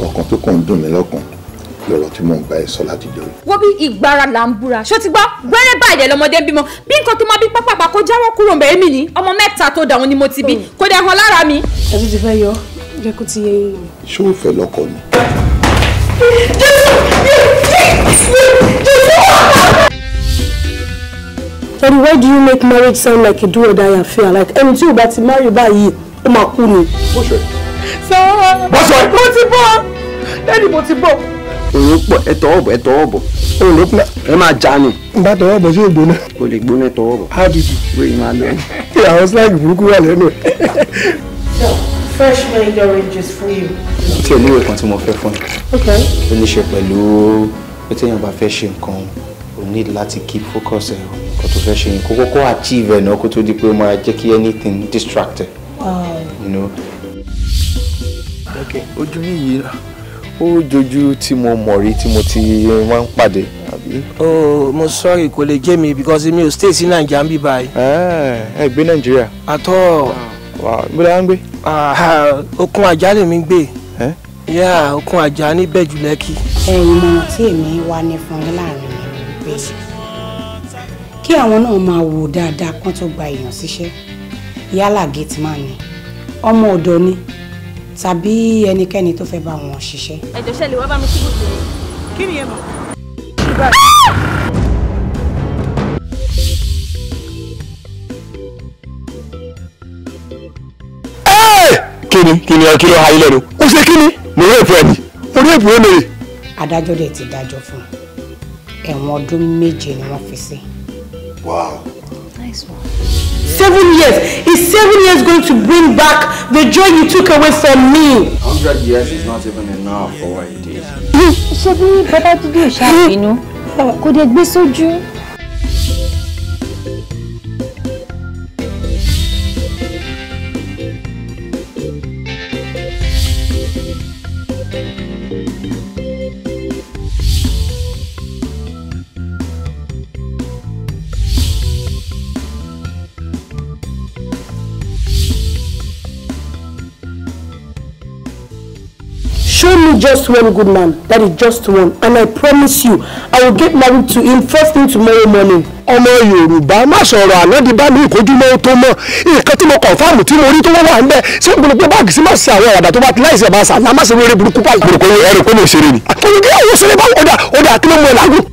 kankan tó kàn ń dùn mí lọ́kàn lọ́rọ̀ tí mò ń bá ẹ sọ láti jọ. wo bí ìgbára là ń búra ṣó ti gbọ́ gbẹ́rẹ́ báyìí lọ́mọdé ń bímọ bí nǹkan tó máa bí pápápá kó jáwọ́ kúrò mbẹ́ mi ni ọmọ mẹ́ta tó dà ni mo ti bí hmm. kó dẹ̀ hàn lára mi. ẹbí ti fẹ́ yọ jẹ́ ti yẹ yín lọ. o fẹ́ lọ́kọ ni. Daddy, why do you make marriage sound like a do or die affair? Like ẹni tí o bá ti marry báyìí, ó máa kú ni. Bọ́sẹ̀. Sọ́ọ́. Bọ́sẹ̀. Mo ti bọ́ dádì mo ti bọ̀. èrò pọ̀ ẹ tọwọ́ bọ̀ ẹ tọwọ́ bọ̀ ẹ ló pẹ́ ẹ máa já ni. n bá tọwọ́ bọ̀ sí ògbóná. o lè gbóná tọwọ́ bọ̀. how did you. wéyìn máa lọ. àwọn sláàgì burúkú wà lẹ́nu ẹ̀. fresh made oranges for you. tí olúwe kan tí mo fẹ́ fún mi. ó ní ṣe pẹ̀lú pé téèyàn bá fẹ́ ṣe nǹkan o need láti keep focus ẹ̀ kó tó fẹ́ ṣe yẹn kó kọ́kọ́ achieve ẹ̀ náà kó tó di pé ó máa jẹ́ kí anything distract ẹ̀. you know. okay yìí ó jojú tí mo mọ̀ rí tí mo ti máa ń pàdé oh mo sorry kò lè jẹ́ mi because mi ò stay sí nàìjíríà ń bí báyìí. ẹ gbé nàìjíríà. àtọ. bí la ń gbé. okun ajá lèmi ń gbé. yá okun ajá ní bẹ́ẹ̀jù lẹ́kì. ẹ̀yin mo tí èmi wá ní fún yín láàrin mi pé kí àwọn náà máa wò dáadáa kán tó gba èèyàn síṣẹ́ yálà gate man ni ọmọ ọ̀dọ́ ni tàbí ẹnikẹ́ni tó fẹ́ bá wọn ṣiṣẹ́. ẹ̀jọ̀ ṣẹlẹ̀ wá bá mi síbò tó kí ni ẹ mọ̀. kí ni kí ni kí ló ha ilé nu ó ṣe kí ni mo rí èpò ẹni mo rí èpò ẹni. adájọ́ dẹ̀ ti dájọ́ fún ẹ̀wọ̀n ọdún méje ni wọ́n fi sí. wow. nice one. Seven years. Is seven years going to bring back the joy you took away from me? Hundred years is not even enough for what it is. Ṣé bí bàbá dúdú ṣàbínú? Hmm. Kò dé gbé sójú. only just one good man. That is just one. And I promise you, I will get married to him first thing tomorrow morning. ọmọ yorùbá má sọ̀rọ̀ àná di bá mi ìkojúmọ́ tó mọ́ nǹkan tí mo kọ̀ǹfàmù tí mo rí tó wà ń bẹ́ ṣé gbogbo pé báàgì sí má ṣe àwọn ọ̀dà tó bá ti láìsí ẹ̀ bá ṣàlá má ṣe lórí burúkú pàlọ́. burúkú ẹrù kó lè ṣeré ni. àkókò ẹ̀rọ ṣeré bá ọ̀dà ọ̀dà kí ló mọ ẹ̀ lágùn.